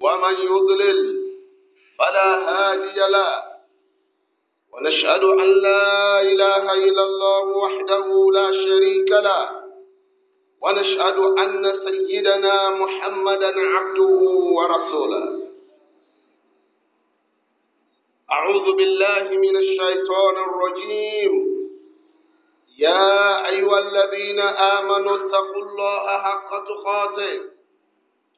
ومن يضلل فلا هادي له ونشهد أن لا إله إلا الله وحده لا شريك له ونشهد أن سيدنا محمدا عبده ورسوله أعوذ بالله من الشيطان الرجيم يا أيها الذين آمنوا اتقوا الله حق تقاته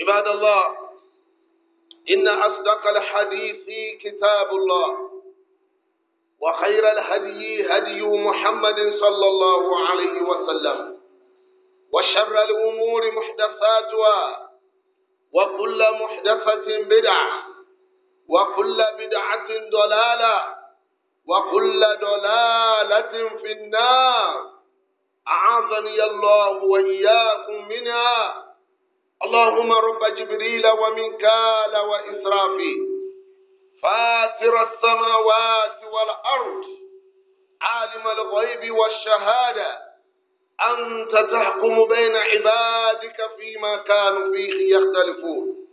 عباد الله إن أصدق الحديث كتاب الله وخير الهدي هدي محمد صلى الله عليه وسلم وشر الأمور محدثاتها وكل محدثة بدعة وكل بدعة ضلالة وكل ضلالة في النار أعاذني الله وإياكم منها اللهم رب جبريل ومنكال وإسرافيل فاتر السماوات والأرض عالم الغيب والشهادة أنت تحكم بين عبادك فيما كانوا فيه يختلفون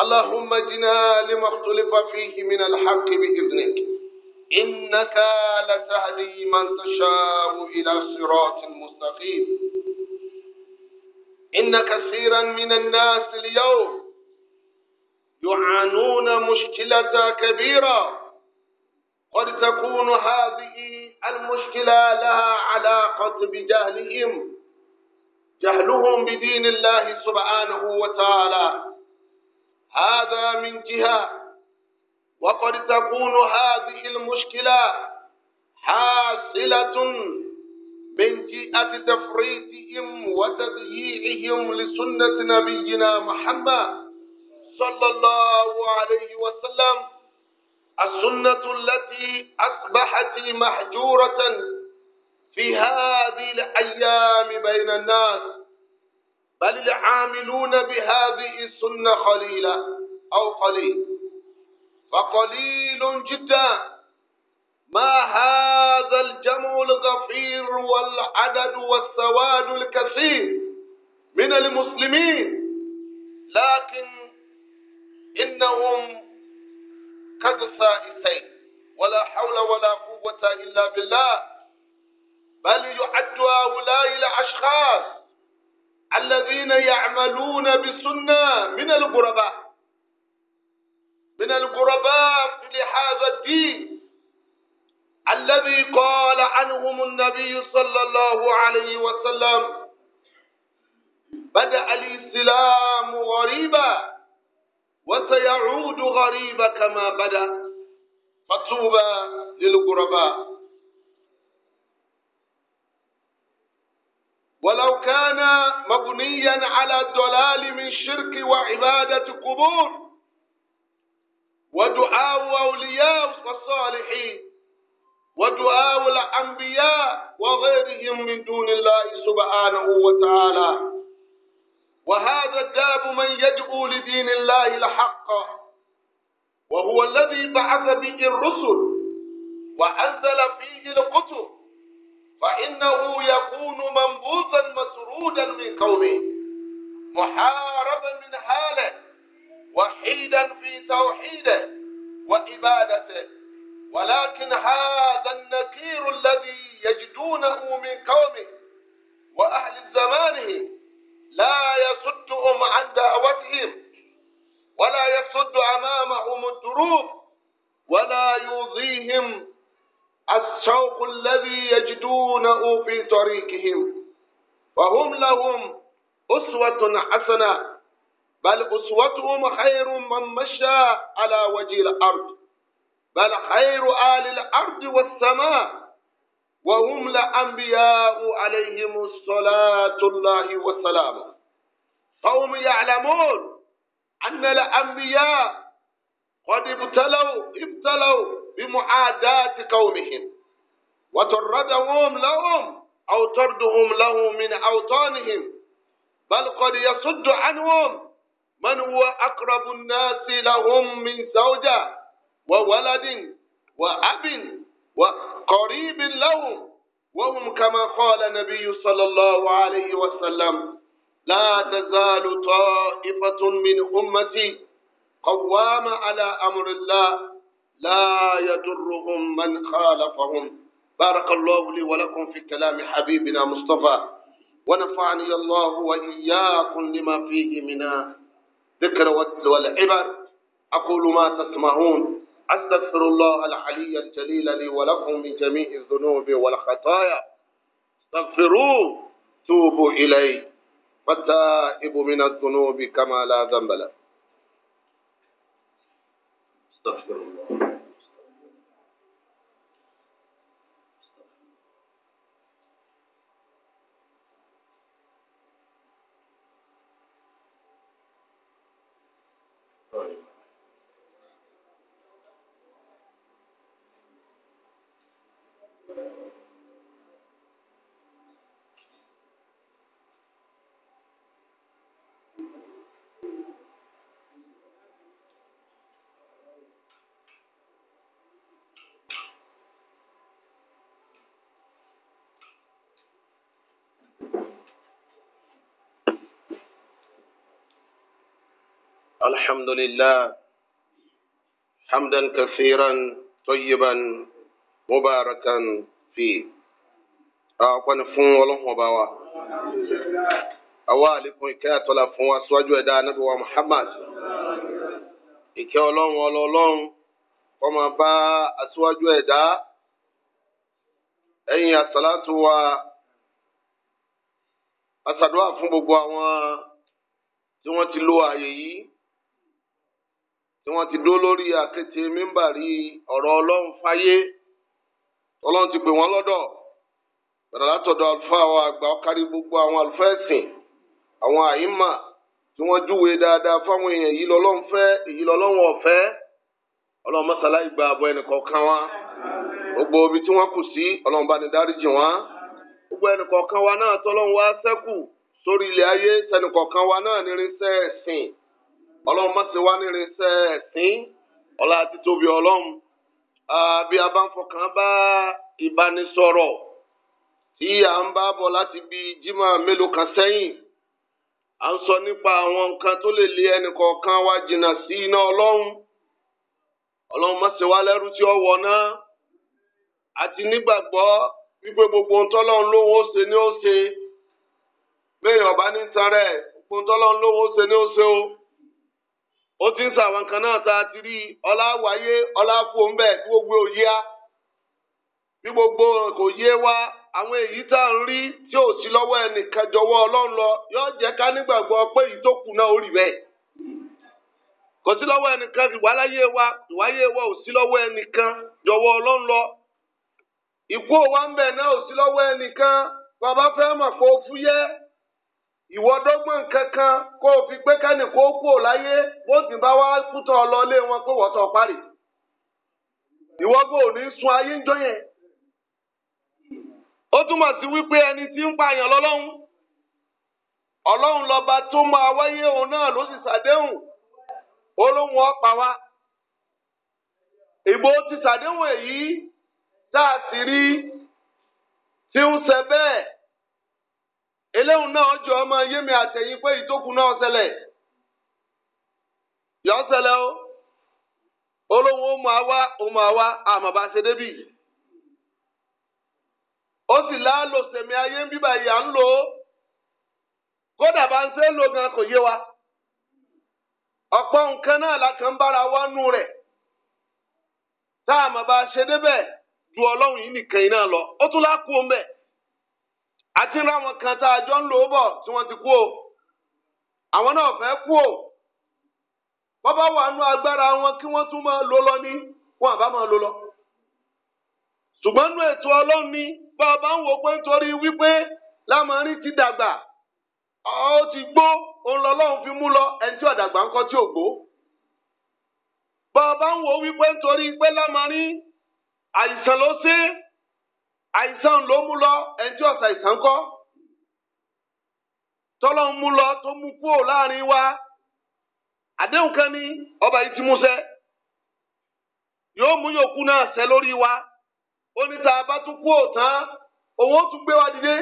اللهم اجنا لما اختلف فيه من الحق بإذنك إنك لتهدي من تشاء إلى صراط مستقيم إن كثيرا من الناس اليوم يعانون مشكلة كبيرة قد تكون هذه المشكلة لها علاقة بجهلهم جهلهم بدين الله سبحانه وتعالى هذا من جهة وقد تكون هذه المشكلة حاصلة من جيئة تفريطهم وتضييعهم لسنة نبينا محمد صلى الله عليه وسلم السنة التي أصبحت محجورة في هذه الأيام بين الناس بل العاملون بهذه السنة قليلا أو قليل فقليل جدا ما هذا الجمع الغفير والعدد والسواد الكثير من المسلمين لكن إنهم كالسائسين ولا حول ولا قوة إلا بالله بل يعد هؤلاء الأشخاص الذين يعملون بسنة من الغرباء من الغرباء لهذا الدين الذي قال عنهم النبي صلى الله عليه وسلم بدأ الإسلام غريبا وسيعود غريبا كما بدأ فطوبى للغرباء ولو كان مبنيا على الضلال من شرك وعبادة قبور ودعاء أولياء الصالحين ودعاء الأنبياء وغيرهم من دون الله سبحانه وتعالى وهذا الداب من يدعو لدين الله الحق وهو الذي بعث به الرسل وأنزل فيه الكتب فإنه يكون منبوذا مسرودا من قومه محاربا من حاله وحيدا في توحيده وعبادته ولكن هذا النكير الذي يجدونه من قومه وأهل زمانه لا يصدهم عن دعوتهم ولا يصد أمامهم الدروب ولا يوضيهم الشوق الذي يجدونه في طريقهم وهم لهم أسوة حسنة بل أسوتهم خير من مشى على وجه الأرض بل خير آل الأرض والسماء وهم لأنبياء عليهم الصلاة الله والسلام قوم يعلمون أن الأنبياء قد ابتلوا ابتلوا بمعاداة قومهم وتردهم لهم أو طردهم له من أوطانهم بل قد يصد عنهم من هو أقرب الناس لهم من زوجه وولد وأب وقريب لهم وهم كما قال النبي صلى الله عليه وسلم لا تزال طائفة من أمتي قوام على أمر الله لا يضرهم من خالفهم بارك الله لي ولكم في كلام حبيبنا مصطفى ونفعني الله وإياكم لما فيه من ذكر والعبر أقول ما تسمعون أستغفر الله العلي الجليل لي ولكم من جميع الذنوب والخطايا استغفروه توبوا إليه فالتائب من الذنوب كما لا ذنب له استغفر الحمد لله حمدا كثيرا طيبا مباركا فيه أعقن فون ولن هبوا أوالكم كات ولا فون وسواجوا دا نبي محمد ìkẹ́ ọlọ́run ọlọ́run kọ́ máa bá aṣíwájú ẹ̀dá ẹ̀yìn àsàlátù wa aṣàdúrà fún gbogbo àwọn tí wọ́n ti lo ààyè yìí tí wọ́n ti lori lórí àkété mímbàrí ọ̀rọ̀ ọlọ́run fáyé ọlọ́run ti pè wọ́n lọdọ bẹ̀rẹ̀ látọ̀dọ̀ àlùfáà àwọn àgbà ọ̀kárí gbogbo àwọn àlùfáà ẹ̀sìn àwọn àyímà tí wọ́n júwe dáadáa fáwọn èèyàn èyí lọ́lọ́run fẹ́ èyí lọ́lọ́run ọ̀fẹ́ ọlọ́run mọ́sálá ìgbà àbọ̀ ẹnìkọ̀ọ̀kan wa gbogbo tí ọlọ́run má ṣe wá ní irinṣẹ́ ẹ̀sìn ọlá àti tóbi ọlọ́run bí a bá ń fọkàn bá ìbánisọ̀rọ̀ tí à ń bá bọ̀ láti bí jimá mélòó kan sẹ́yìn à ń sọ nípa àwọn nǹkan tó lè lé ẹnìkọ̀ọ̀kan wá jìnnà sí iná ọlọ́run ọlọ́run má ṣe wá lẹ́rú tí ó wọ̀ náà àti nígbàgbọ́ wípé gbogbo ohun tọ́lọ́run lówó ó ṣe ni ó ṣe bẹ́ẹ̀ ọ̀bá ní sanrẹ̀ gbogbo ohun tọ́lọ́run lówó ó ṣe ni ó ṣe o. ó ti ń sọ àwọn kan náà tá ti rí ọlá wáyé ọlá fún oyi a. tí gbogbo òye á bí gbogbo kò yé wa àwọn èyí tá à ń rí tí ò sí ẹnìkan lọ yóò jẹ ká nígbàgbọ́ pé èyí tó kù náà ó kò sí ẹnìkan ìwáláyé wa ìwáyé wa ò sí lọwọ ẹnìkan jọwọ lọ ń náà ò sí ẹnìkan bàbá fẹ́ mọ̀ ìwọ dọ́gbọ́n kankan kó o fi gbé kẹ́nìkó kú ò láyé bó ti bá wá kútọ̀ lé wọn pé wọ́n tọ̀ parí ìwọ gbọ́ ò ní sun ayé ń jọ yẹn ó túmọ̀ sí wípé ẹni tí ń pààyàn lọ́lọ́hún ọlọ́hun lọba tó máa wáyé òun náà ló sì ti ṣàdéhùn èyí eleu na ọjọ ọma ihe mi atẹyi kwe itokwu na ọsẹlẹ yọ ọsẹlẹ o olowo ụmụ awa ụmụ awa amaba sedebi o si la lo sẹmi ayé bíbà ya ń lo kódà bá ń sẹ lo gan kò yé wa ọpọ nǹkan náà la kàn bára wa nù rẹ tá àmàbà sedebẹ ju ọlọrun yìí nìkan yìí náà lọ ó tún la kú o mẹ. àti ńlá wọn kan tá a jọ ń lò ó bọ̀ tí wọ́n ti kú o àwọn náà fẹ́ kú o bọ́bá wà nú agbára wọn kí wọ́n tún máa lò lọ ní wọn àbá máa lò lọ. ṣùgbọ́n nú ètò ọlọ́run ni bàbá ń wò pé nítorí wípé lámọ̀rin ti dàgbà ó ti gbó òun lọ́lọ́run fi mú lọ ẹni tí ọ̀dàgbà ń kọ́ tí ò gbó. bàbá ń wò wípé nítorí pé lámọ̀rin àìsàn ló ṣe é àìsàn ló mú lọ ẹni tí ọ̀sà àìsàn kọ́ tọ́lọ́ ń mú lọ tó mú kúrò láàrin wa àdéhùn kan ní ọba yìí ti mú ṣẹ yóò mú yòókù náà ṣẹ lórí wa ó ní tá a bá tún kú òtán òun ó tún gbé wa dìde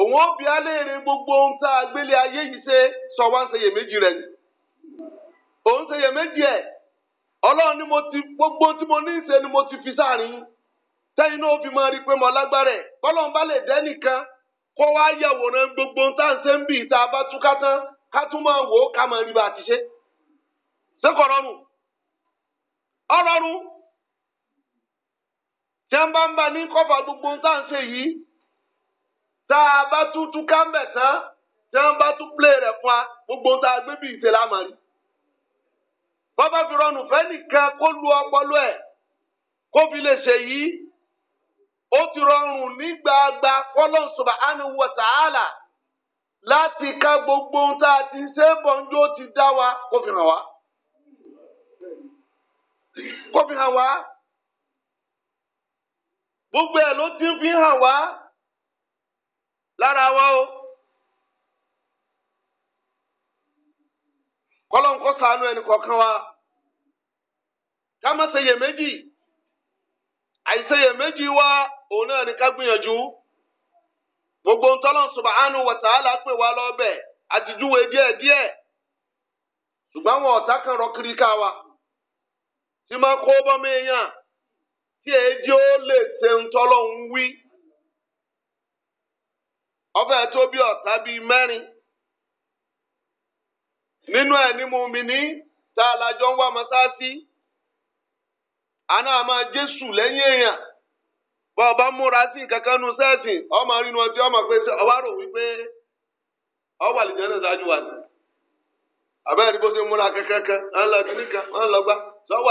òun ó bi á gbogbo ohun tá a gbélé ayé yìí ṣe sọ wá ń ṣe iyèméjì rẹ ni òun ṣe iyèméjì ẹ ọlọ́run ni mo ti gbogbo tí mo ní í ni mo ti fi sáàrin yín sẹ́yìn náà ó fi máa rí i pé mo lágbára ẹ̀ bọ́lọ́n bá lè dẹ́nìkan kó wá yàwòrán gbogbo tá à ń ṣe ń bì tá a bá túká tán ká tún máa wò ó ká máa rí bá a ti ṣe. ṣé kò rọrùn? ọ rọrùn. tí wọ́n bá ń bá ní kọ́fà gbogbo tá à ń ṣe yìí tá a bá tún túká ń bẹ̀ tán tí wọ́n bá tún plé rẹ̀ fún wa gbogbo tá a gbé bí ìṣe la máa rí. bọ́ bá fi rọrùn fẹ́ nìkan kó lu ọpọlọ ẹ̀ kó fi lè ṣèyí. ó ti rọrùn ní gbàgbà kọ́lọ́n subhanahu wa láti ká gbogbo ohun tá ti ṣe é bọ̀ ti dá wa kó fi hàn gbogbo ẹ̀ ló ti fi hàn wá lára o. ẹnì kọ̀ọ̀kan wa ká òun náà ni ká gbìyànjú gbogbo ntọ́lọ́n subhanahu wa ta'ala pè wá lọ́bẹ̀ àtijúwe díẹ̀ díẹ̀ ṣùgbọ́n àwọn ọ̀tá kan rọkiri kawa. ká wa tí máa kó bọ́mọ èèyàn tí èdè ó lè ṣe ntọ́lọ́n wí ọbẹ̀ tó bí ọ̀tá bíi mẹ́rin nínú ẹ̀ ní a ń wá bọ́ ọba múra sí kankan nu sẹ́ẹ̀sì ọmọ rínú ọtí ọmọ pé ọba rò wípé ọwọ́ àlìjẹ́ náà ṣáájú wa ni àbẹ́rẹ́ bó ṣe múra lọ lọ gbá sọ́wọ́ ọ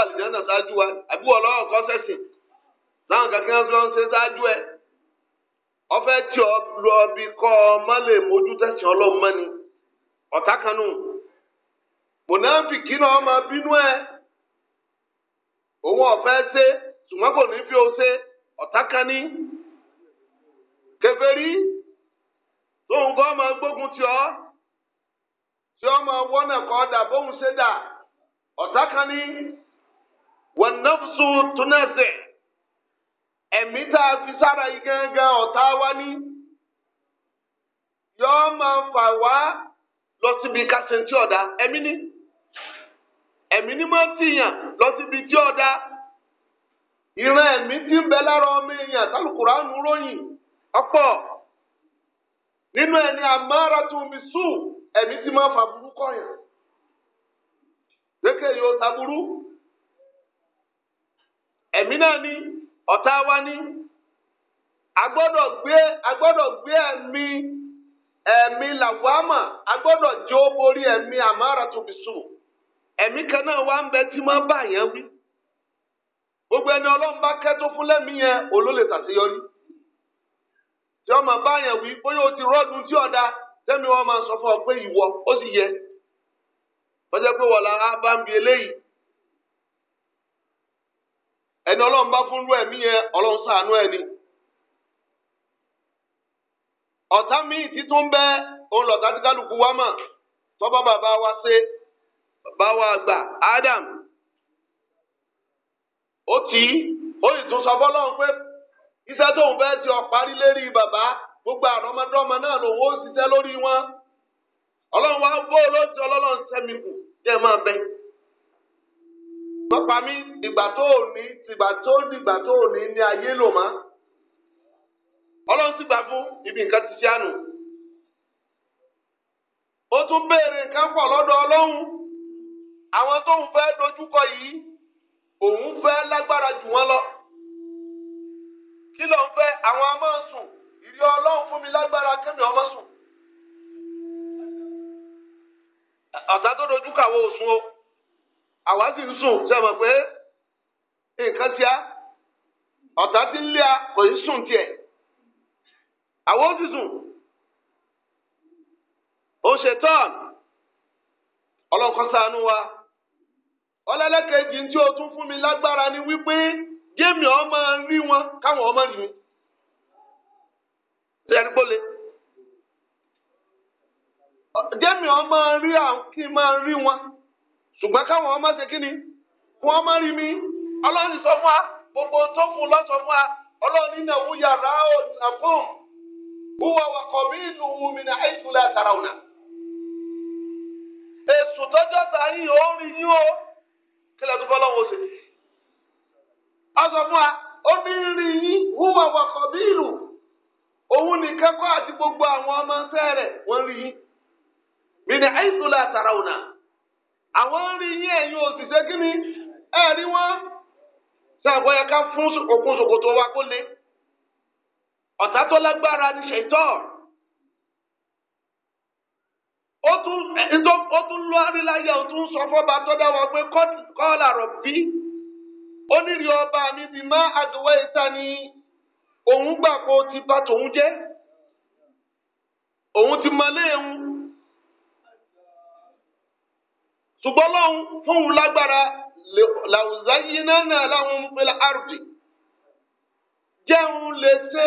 lọ bí kọ́ ọ má lè mójú tẹ̀sí ọlọ́run ọ̀tá kanú mùnàfíkì náà bínú ẹ̀ òun ọ̀fẹ́ ọ̀tá kan ní kèfèrí tóun kọ́ máa gbógun tì ọ́ tí ọ́ máa wọ́nà kọ́ dà bóun ṣe dà ọ̀tá kan ní wọn nọ́fṣù túnẹ̀sẹ̀ ẹ̀mí tá a fi sára yìí gángan ọ̀tá wa ní yọ́ máa fà wá lọ síbi kásìntì ọ̀dà ẹ̀mí ní ẹ̀mí ní máa ń tìyàn lọ síbi tí ọ̀dà. ìran ẹ̀mí ti ń bẹ lára ọmọ èèyàn tálùkùránù ròyìn ọ̀pọ̀ nínú ẹni àmọ́ratùnbí sùn ẹ̀mí tí máa fa burúkọ yẹn lékè yóò ta burú ẹ̀mí náà ni ọ̀tá wa ni agbọ́dọ̀ gbé agbọ́dọ̀ gbé ẹ̀mí ẹ̀mí làwámà agbọ́dọ̀ jẹ́ ó borí ẹ̀mí àmọ́ratùnbí sùn ẹ̀mí kan náà wá ń bẹ tí máa bá gbogbo ẹni ọlọ́run bá kẹ́ tó fún lẹ́mí yẹn olólè ṣàṣeyọrí tí ọmọ bá yẹn wí bóyá o ti rọ́ọ̀dù tí ọ̀dà tẹ́mi wọn máa sọ fún ọ pé ìwọ ó sì yẹ pé wọ́n bá ń bi eléyìí ẹni ọlọ́run fún lú ẹ̀mí yẹn ọlọ́run ṣàánú ẹni ọ̀tá títún bẹ́ òun tí kálukú wá wa ṣe Adam. ó tì í ó sì tún sọ fọlọ́run pé iṣẹ́ tóun fẹ́ ti ọ̀parí lérí bàbá gbogbo àrọ́mọdọ́mọ náà lòun ó ṣiṣẹ́ lórí wọn ọlọ́run wa bó olóòtú ọlọ́run sẹ́mi kù jẹ́ máa bẹ. wọ́n pa mí ìgbà tó ò ní ìgbà tó ìgbà tó ò ní ní ayé lò má. ọlọ́run ti gbà fún ibi nǹkan ti ṣe àná. ó tún béèrè nǹkan pọ̀ lọ́dọ̀ ọlọ́run àwọn tóun fẹ́ dojúkọ yìí òun fẹ́ lágbára jù wọ́n lọ kí ló ń fẹ́ àwọn ọmọ sùn ìrí ọlọ́run fún mi lágbára kẹ́mi ọmọ sùn ọ̀tá tó dojú kàwé òsùn o àwa sì ń sùn ṣe mọ̀ pé nǹkan tíá ọ̀tá tí ń lé a kò ní sùn tiẹ̀ àwa ó sì sùn ó ṣe tán ọlọ́kọ́ ṣàánú wa. ọlẹ́lẹ́kejì tí o tún fún mi lágbára ni wípé géèmì ọmọ rí wọn káwọn ọmọ rí mi. Ṣẹ́ni kó le. Géèmì ọmọ rí àwọn kí n máa rí wọn. Ṣùgbọ́n káwọn ọmọ ṣe kí ni? Wọ́n ọmọ rí mi. Ọlọ́run sọ fún wa gbogbo tó fún kílẹ̀ tó bọ́ lọ́wọ́ òsèlè. ọsọ fún wa obìnrin yín wúwa wakọ̀ bí ìlú òun nìkan kọ́ àti gbogbo àwọn ọmọ ṣẹ́ rẹ̀ wọ́n rí yín. mìíràn àìsùn la tàrà ònà àwọn rí yín ẹ̀yin òṣìṣẹ́ kí ni ẹ̀rí wọn sàgbọ́yẹ ká fún òkun ṣòkòtò wa kó lé ọ̀tá tó lágbára ní ṣètọ́ọ̀ ó tún lọ aríláyà ó tún sọ fọba tó dá wa pé kọ́ọ̀là rọ̀ bí onírì ọba níbi má àdúwẹ́ ìta ni òun gbà pé ó ti bà tòun jẹ́ òun ti mọlé ewu ṣùgbọ́n lọ́hùn fóun lágbára làwùzá yìí náà náà láwọn fẹlẹ̀ àrùdì jẹun lè ṣe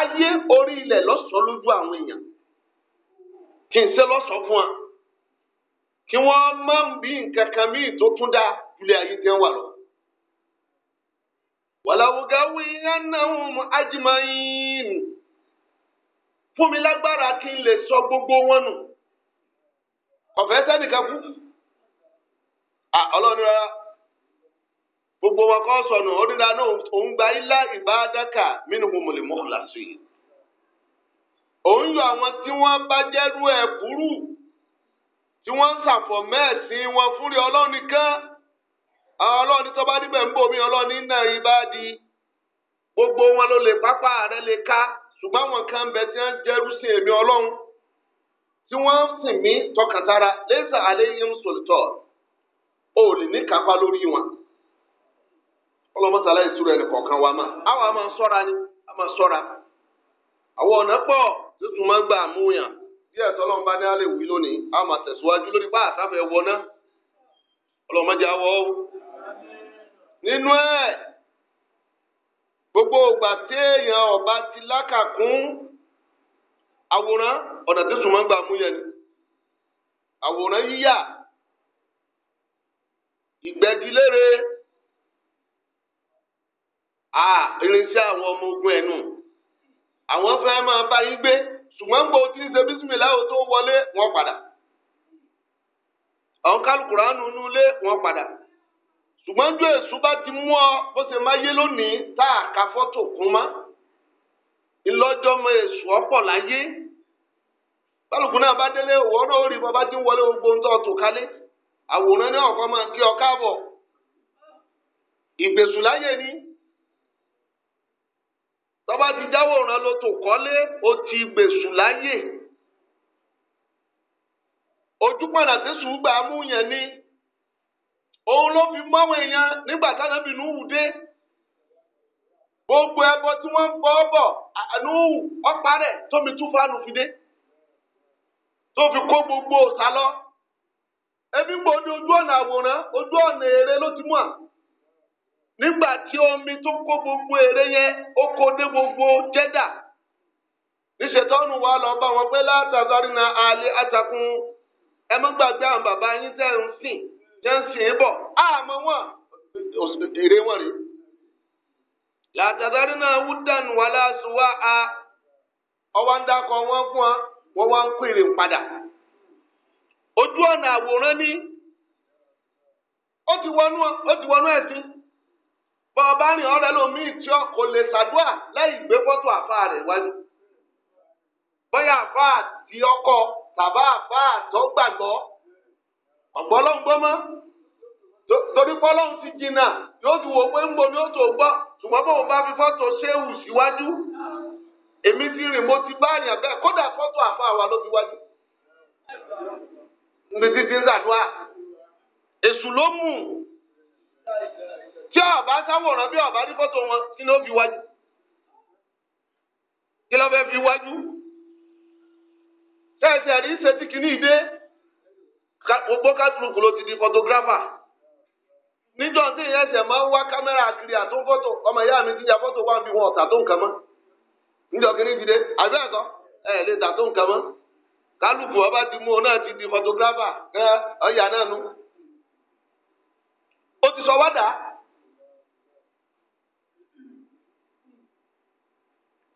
ayé orí ilẹ̀ lọ́sọ̀ọ́ lójú àwọn èèyàn. kí n ṣe fún wa kí wọ́n ma bí nǹkan kan míì tó tún dá ilé ayé tẹ́ wà lọ. wàláwùgá wí yánnahum ajmain fún mi lágbára kí n lè sọ gbogbo wọn nù ọ̀fẹ́ sẹ́nìkan kú ọlọ́run rárá gbogbo wọn kọ́ sọnù ó dídá òun gba ilá ìbádákà ó ń yọ àwọn tí wọ́n bá jẹ́rú ẹ̀ kúrú tí wọ́n ń ṣàfọ̀mọ́ ẹ̀sìn wọn fúnri ọlọ́run nìkan àwọn ọlọ́run tó bá ń bomi di gbogbo wọn ló lè pápá rẹ lè ka ṣùgbọ́n àwọn kan bẹ tí wọ́n jẹ́rú sí èmi ọlọ́run tí wọ́n ń sìn mí tọkàntara lẹ́sà alẹ́ yìí ń sòlítọ̀ ò lè ní kápá lórí wọn ìṣúra ẹnì wa máa àwọn a máa ni a máa àwọn yóò tún máa gbà múyàn díẹ̀ tọ́lọ́run bá ní alẹ́ wí lónìí a máa tẹ̀síwájú lórí bá àtàfẹ́ wọná ọlọ́mọdé awọ o nínú ẹ̀ gbogbo ògbà téèyàn ọba ti lákàkún àwòrán ọ̀nà tó sùn máa ń gbà múyàn ni àwòrán yíyà ìgbẹ́gilére irinṣẹ́ àwọn ọmọ ogun ẹ̀nu àwọn fẹ́ máa bá yín gbé ṣùgbọ́n gbòó tí ń ṣe bísímìlá ò tó wọlé wọn padà àwọn kálukùránù inú ilé wọn padà ṣùgbọ́n ju èṣù bá ti mú ọ bó ṣe máa yé lónìí tá a ka fọ́tò kún mọ́ ńlọ́jọ́mọ èṣù ọ̀pọ̀ láyé kálukù náà bá délé òwò náà rí bọ́ bá ń wọlé gbogbo ń tọ́ tó kálé àwòrán náà kọ́ máa kí ọ káàbọ̀ ìgbésùn láyé ni. tọ́ba ti jáwọ́ ọ̀ràn ló tó kọ́lé ó ti gbèsù láyè ojúpọ̀nà tí sùúgbà mú yẹn ni òun ló fi mọ́wọ́ èèyàn nígbà táwọn ìbínú wù dé gbogbo ẹbọ tí wọ́n ń bọ́ bọ̀ àánúhù ọ̀parẹ̀ tómi tún tó gbogbo ebi ojú ọ̀nà àwòrán ojú ọ̀nà ló nígbà tí omi tó kó gbogbo èrè yẹn ó kó dé gbogbo jẹ́dà níṣẹ́ wa lọ bá wọn pé látàzárí na alẹ́ àtàkùn ẹ àwọn bàbá yín tẹ́ ń sìn tẹ́ ń sìn bọ̀ àmọ́ wọn na wà láṣùwà a ọwọ́ ń dákọ̀ wọn fún wọn wọ́n wá ń kó èrè padà ojú ni ó ti wọnú ẹ̀sìn. bọ́ ọ rìn lómi tí ọ kò lè ṣàdúà lẹ́yìn gbé àfa rẹ̀ wájú. bóyá àfa àti ọkọ tàbá àfa àtọ́ gbàgbọ́ ọ̀gbọ́n ló ń gbọ́ mọ́ torí pọ́lọ́hún ti jìnnà yóò ti wò pé ń ó tó gbọ́ ṣùgbọ́n fi fọ́tò ṣéwù síwájú èmi ti rìn mo ti bá tí ọba sáwòrán bí ọba rí fọ́tò wọn kí ló fi wájú kí ló fẹ́ fi wájú tẹ̀sẹ̀ rí ṣètì kìíní ìdé gbogbo kátólùkù ló ti di tí ìyẹn máa ń wá kámẹ́rà kiri àtún fọ́tò ọmọ ìyá mi ti ya fọ́tò wá bí wọn ọ̀tà tó nǹkan mọ́ níjọ́ kìíní ìdílé àbí ẹ̀ lè tà tó nǹkan mọ́ kálùkù ọba ti mú un náà ti di fọ́tógráfà ọ̀yà náà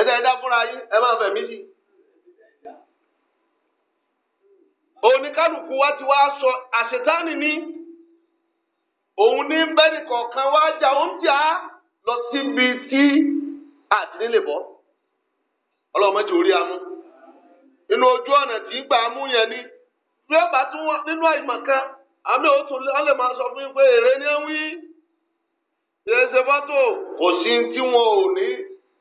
ẹ̀dá ẹ̀dá fúnra yín ẹ máa fẹ̀ mí sí. oníkálukú wa ti wá sọ àṣetánì ni òun ní bẹ́ẹ̀ni kọ̀ọ̀kan wá jà ó ń lọ síbi tí bọ́ orí amú nínú ojú ọ̀nà tí gbà á mú yẹn ni bí ó bá tún nínú àìmọ̀ kan àmì òtún máa sọ fún pé èrè ni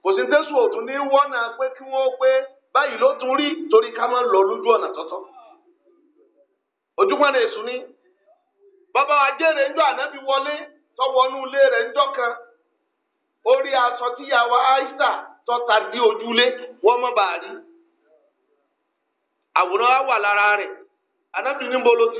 kò sí tẹ́sù na ní wọ́nà pé kí wọ́n pé báyìí ló tún rí torí ká máa lọ lójú ọ̀nà tọ́tọ́ ojúmọ́ rẹ̀ sùn ní bàbá wa ànábì wọlé tọwọ́nú ilé rẹ̀ ńjọ́ kan orí aṣọ tíyàwó aisha tọ́ta dí ojúlé wọ́n mọ̀ bàá rí àwòrán wa wà lára rẹ̀ ànábì níbo ló ti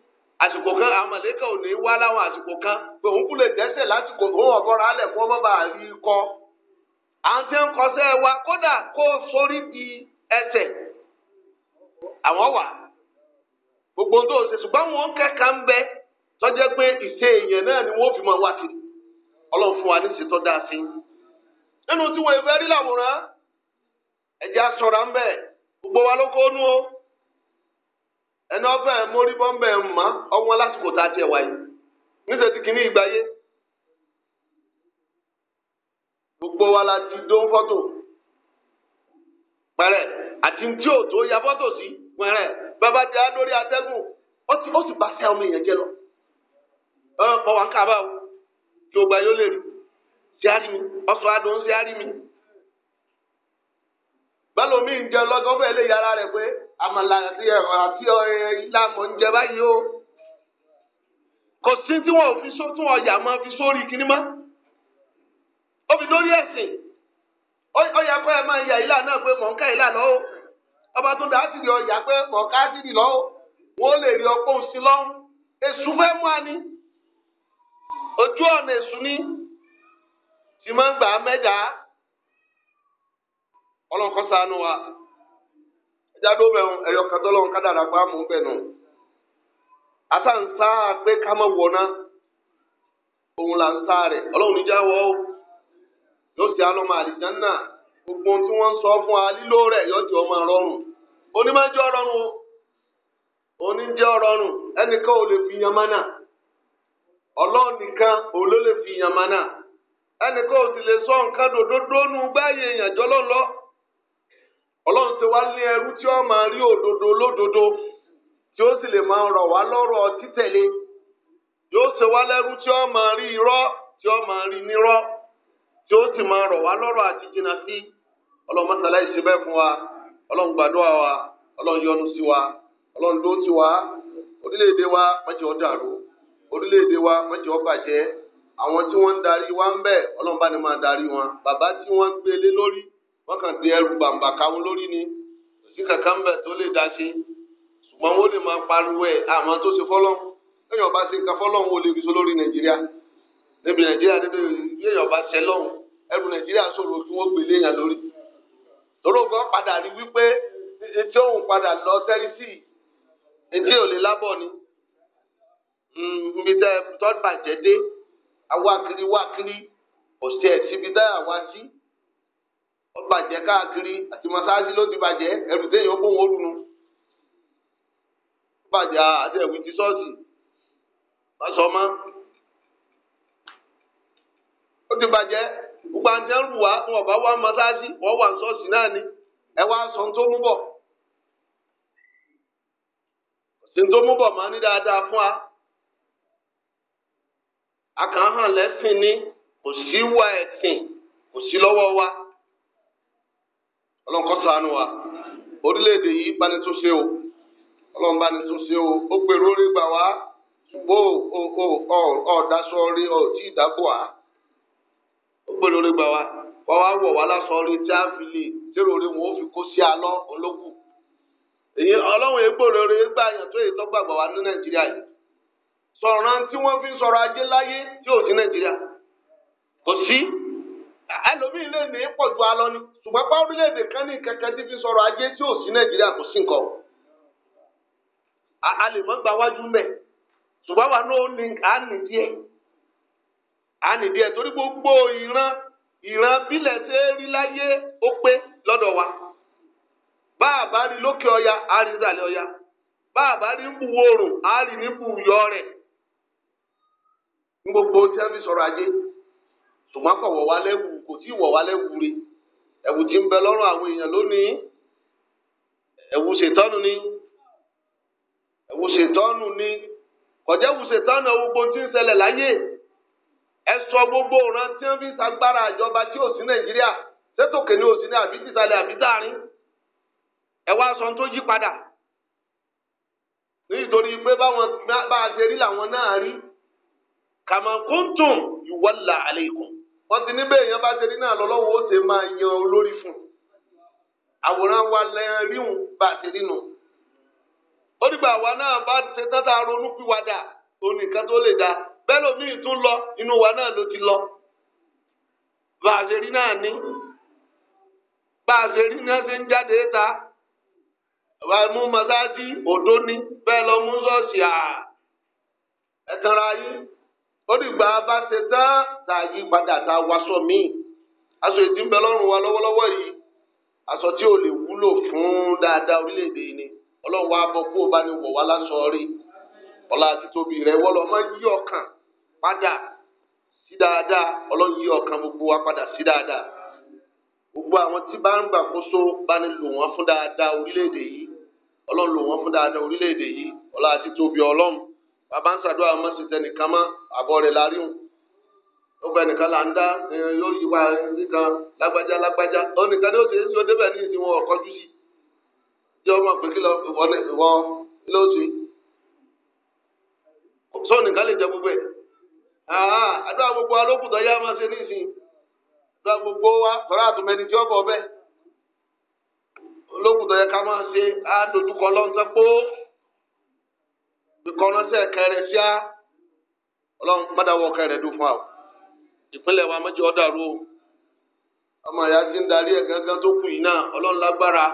àsìkò kan àwọn mọ̀lẹ́kà ò ní wá láwọn àsìkò kan pé òun kú lè dẹ́sẹ̀ lásìkò òun ọ̀gọ́ra alẹ̀ fún ọmọ bá rí kọ́ àwọn tí ń kọsẹ́ wa kódà kó di ẹsẹ̀ àwọn wà gbogbo tó ṣe ṣùgbọ́n wọn kẹ́kà ń bẹ tọ́jẹ́ pé ìṣe èèyàn náà ni wọ́n fi máa wá kiri ọlọ́run fún wa ní dáa sí nínú tí wọ́n rí ẹni ọbẹ̀ mórí bọ́m̀bẹ̀ mọ́ ọwọ́n lásìkò tá a tiẹ̀ wáyé níṣẹ́ ti kìíní ìgbáyé gbogbo wa la ti dó fọ́tò pẹ̀rẹ̀ àti tí ò tó ya fọ́tò sí pẹ̀rẹ̀ bàbá jẹ́ lórí atẹ́gùn ó ti ó ti bá sẹ́ ọmọ èèyàn jẹ lọ ọ̀pọ̀ wà ń kà tí o gbà yóò lè rí sí àrí mi ọ̀sọ̀ adùn sí àrí mi bẹ́lómi ń jẹ lọ́gọ́ fẹ́ lè yára rẹ pé àmàlà àti ẹ̀rọ àti ìlànà ń jẹ báyìí o kò sí tí wọn ò fi só tí wọn yà máa fi sórí kíní mọ́ ó fi dórí ẹ̀sìn ó kó ẹ ya ìlà náà pé mọ̀ọ́ká ìlà lọ́wọ́ ọba tó dáa sì rí ọjà pé mọ̀ọ́ká sì rí lọ́wọ́ wọn ò lè rí ọpọ́ òsì lọ́wọ́ èṣù fẹ́ mú ani ojú ọ̀nà èṣù ni tí gbà ọlọ́run kọ́ ṣàánú wa ẹja dó bẹ̀rù anụ kan tọ́lọ́run ká gbá mú bẹ̀ nù ata ká ná òun là rẹ ọlọrun rẹ̀ ọlọ́run yóò si ó yóò ṣe alọ́mọ gbogbo tí wọ́n sọ fún wa lílo rẹ̀ yọjú ọmọ rọrùn onímọ̀jọ́ rọrùn o oníjẹ́ rọrùn ẹnìkan ò lè fi ọlọ́run ti wá lé ẹrú tí ó máa rí òdodo lódodo tí ó sì lè máa rọ̀ wá lọ́rọ̀ títẹ̀lé yóò ṣe wá lẹ́rú tí ó máa rí irọ́ tí ó máa rí nírọ́ tí ó sì máa rọ̀ wá lọ́rọ̀ àti jìnnà sí ọlọ́run mọ́sálá ìṣe bẹ́ẹ̀ fún wa ọlọ́run gbàdúrà wa ọlọ́run yọ́nú sí wa ọlọ́run ló ti wá orílẹ̀-èdè wa má jẹ́ ó dàrú orílẹ̀-èdè wa má jẹ́ bàjẹ́ àwọn tí wọ́n ń darí wa ń bẹ̀ ọlọ́run bá ní máa darí wọn bàbá tí wọ́n ń gbélé lórí wọ́n kàn dé ẹrù bàǹbà káwọn lórí ni òsì kankan bẹ̀ tó lè dá sí ṣùgbọ́n wọ́n lè máa pariwo ẹ̀ àmọ́ tó ṣe fọ́lọ́ lẹ́yìn ọba ṣe nǹkan fọ́lọ́ wọn ò lè rí so lórí nàìjíríà níbi nàìjíríà níbi lẹ́yìn ọba ṣẹ lọ́hùn ẹrù nàìjíríà ṣòro kí wọ́n gbélé yàn lórí torógbọ́n padà rí wípé etí òun padà lọ tẹ́rísì etí ò lè lábọ̀ ni nbí hmm, tẹ́ tọ́jú bàjẹ́ dé awákiri wákiri kò sí ẹ̀ síbi tẹ́ àwa sí. Si ó bàjẹ́ káàkiri àti mọ́sáájì ló ti bàjẹ́ ẹrù téèyàn kó wọn rúnu ó bàjẹ́ àti ẹ̀wù ti ṣọ́ọ̀ṣì lọ́sọ̀ mọ́ ó ti bàjẹ́ gbogbo àti ẹrù wa wọn ọba wa mọ́sáájì wọ́n wà ṣọ́ọ̀ṣì náà ni ẹ wá sọ tó mú bọ̀ sí tó mú bọ̀ máa ní dáadáa fún wa akàn hàn lẹ́sìn ni kò sí wá ẹ̀sìn kò sí lọ́wọ́ wa ọlọ́run kó ṣàánú wa orílẹ̀-èdè yìí bá ní tún ṣe o ọlọ́run bá ní tún ṣe o ó pèrò orí gbà wá bó o o ọ ọ̀dàṣọ rí ọ tí ìdábò wá ó pèrò orí gbà wá wá wá wọ̀ wá lásọ rí tí a fi lè dérò orí wọn ó fi kó sí alọ́ olókùn èyí ọlọ́run ègbò rere gbà yàn tó èyí tó gbàgbọ́ wa ní nàìjíríà yìí sọ̀rọ̀ tí wọ́n fi ń sọ̀rọ̀ ajé láyé tí ò sí nàìjíríà kò sí. ẹlòmíì lè ní pọ̀ ju alọ ni ṣùgbọ́n pa orílẹ̀-èdè kan ní kẹ̀kẹ́ tí fi sọ̀rọ̀ ajé tí ò sí nàìjíríà kò sí nǹkan a lè mọ́ gba wájú mẹ́ ṣùgbọ́n wa náà torí gbogbo ìran ìran bílẹ̀ ṣe é rí láyé ó wa bá a bá rí lókè ọya á rí ìsàlẹ̀ ọya a bá rí ń bu oòrùn rí gbogbo tí wọ́n fi sọ̀rọ̀ ajé ṣùgbọ́n kọ̀wọ̀ wa kò tí ì wọ̀ wá lẹ́wù re ẹ̀wù tí ń bẹ lọ́rùn àwọn èèyàn lónìí ẹ̀wù ṣètọ́nù ni ẹ̀wù ṣètọ́nù ni kọjá ẹ̀wù ṣètọ́nù ẹ̀wù gbogbo tí ń ṣẹlẹ̀ láyé ẹ sọ gbogbo ọ̀ràn tí wọ́n fi sagbára ìjọba tí ò sí Nàìjíríà sétòkè ni ò sí ní àbí tìsàlẹ̀ àbí tààrin ẹ wá sọ tó yí padà nítorí pé báwọn bá a ṣe rí làwọn náà rí kàmá kúntùn ìwọ́là àlékún wọ́n ti níbẹ̀ èèyàn bá ṣe rí náà lọ́lọ́wọ́ ó ṣe máa yan olórí fún un àwòrán wa lẹ́yìn ríhùn bá ṣe nínú. ó dìgbà àwa náà bá ṣe tata ronú pìwàdà òun nìkan tó lè dá bẹ́ẹ̀ lómi ìtún lọ inú wa náà ló ti lọ. bá a ṣe rí náà ní bá ṣe rí náà ṣe ń jáde ta bá a mú masáàsì òdó ní bẹ́ẹ̀ lọ mú ṣọ́ọ̀ṣì à ẹ̀tàn ra yín ó dìgbà bá ṣe tán tá a yí padà tá a waṣọ míì aṣọ ètí ń bẹ lọ́rùn wa lọ́wọ́lọ́wọ́ yìí aṣọ tí ò lè wúlò fún dáadáa orílẹ̀-èdè ni ọlọ́run wa bọ kó o bá ní wọ̀ wá láṣọ rí ọlá àti tóbi rẹ̀ wọ́n lọ́ máa yí ọkàn padà sí dáadáa ọlọ́run yí ọkàn gbogbo wa padà sí dáadáa gbogbo àwọn tí bá ń gbàkóso bá ní lò wọ́n fún dáadáa orílẹ̀-èdè yìí ọlọ́run lò wọ́n fún dáadáa orílẹ̀-èdè yìí ọlá àti tóbi ọlọ́run bàbá ń ṣàdúrà ọmọ sì tẹnìkan mọ́ àbọ̀ rẹ̀ la rí wọn ó fẹ́ nìkan là ń dá yóò yí wa nìkan lágbájá lágbájá o nìkan ní oṣù tí ó débẹ̀ ní ìdíwọ̀n ọ̀kọ́jú sí yóò mọ̀ pé kí lọ ìwọ ló ṣe sọ nìkan lè jẹ gbogbo ẹ̀ àdúrà gbogbo alókùtọ̀ yá máa ṣe nísìnyí àdúrà gbogbo wa tọ́lá àtúmẹ́ni tí ó bọ̀ bẹ́ẹ̀ olókùtọ̀ yẹ ká máa ṣe á dojúkọ lọ́nṣẹ́ pọ́ọ́. bíkọ́ ránṣẹ́ ẹ̀ka rẹ̀ fíá ọlọ́run mọ́dàwọ́ ọ̀ka rẹ̀ wa ìpínlẹ̀ wa ti ń darí ẹ̀ tó kù yìí náà ọlọ́run lágbára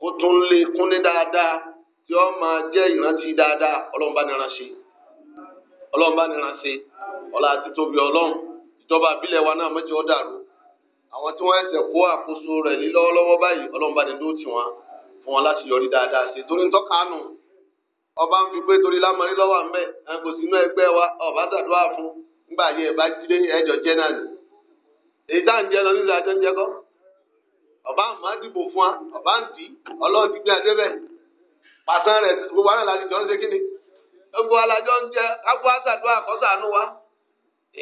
kó tún lè kún dáadáa tí máa ìrántí dáadáa ọlọ́run bá nira ṣe ọlọ́run bá nira àti tóbi ìjọba wa náà àwọn tí kó àkóso báyìí bá ní dó tiwọn fún wọn láti ọba ń fi pé torí lámọrí lọ́wọ́ àmẹ́ kò ẹgbẹ́ wa ọba ṣàdúrà fún nígbà yẹn bá jílé ẹjọ jẹ náà ni èyí tá lọ nílùú àjọ ń ọba àmọ́ dìbò fún ọba ń tì ọlọ́run ti gbé pàṣán rẹ̀ gbogbo àwọn ń ṣe kíni gbogbo ń jẹ wa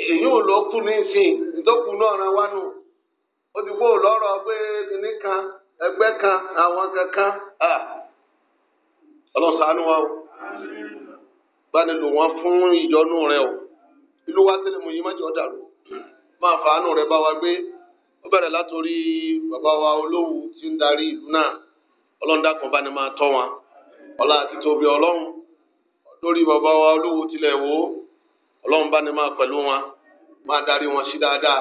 èyí ò lọ kú ní ìsìn náà nù ó ti báni lò wọ́n fún ìjọ́nú rẹ o ìlú wa sílẹ̀ mọ̀ yìí má jẹ́ ọ́ dàrú máa fàánù rẹ bá wa gbé ó bẹ̀rẹ̀ látòrí bàbá wa olówù tí ń darí ìlú náà ọlọ́run dákun bá ní máa tọ́ wọn ọlá àti tóbi ọlọ́run lórí bàbá wa olówù tilẹ̀ wò ó ọlọ́run bá ní máa pẹ̀lú wọn máa darí wọn sí dáadáa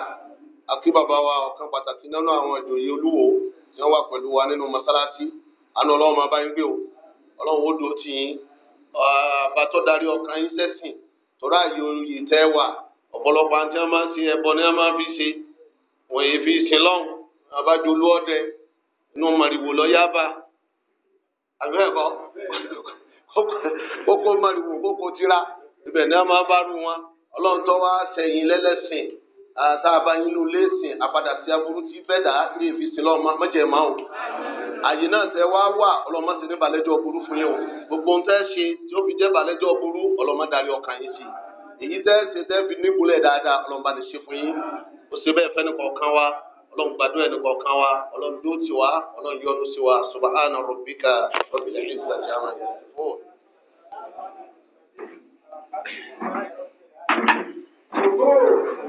àkí bàbá wa ọ̀kan pàtàkì nínú àwọn ìjòyè olúwo tí wọ́n wà pẹ̀lú wa nínú mọ́sálásí àánú ọlọ́run máa bá yín gbé o ọlọ́run ó dúró tì yín ọba ah, tó darí ọkàn yín sẹ́sìn torí ààyè oyè tẹ́ wà ọ̀pọ̀lọpọ̀ àti wọn máa ń sin ẹbọ ni wọn máa fi ṣe wọn èyí fi sin lọ́hùn abájọ olú ọdẹ inú màrìwò lọ́yà bá àbẹ́ ẹ̀kọ́ tira ibẹ̀ ni wọn máa bá rú wọn ọlọ́run tó wá tá a bá yín ló léèsìn àpadà sí aburú tí bẹ́ẹ̀ dá lè fi sin lọ́wọ́ mọ́jẹ̀ máa o. àyè náà tẹ wá wà ọlọ́mọ sí ní balẹ̀jọ́ burú fún yín o gbogbo ohun tẹ́ ṣe tí ó fi jẹ́ balẹ̀jọ́ burú ọlọ́mọ darí ọkàn yín sí èyí tẹ́ ṣe tẹ́ fi nígbólẹ̀ dáadáa ọlọ́mọba ní ṣe fún yín ó ṣe bẹ́ẹ̀ fẹ́ nìkan kan wá ọlọ́run gbàdúrà ẹnìkan kan wá ọlọ́run dó ti wá ọlọ́run Oh.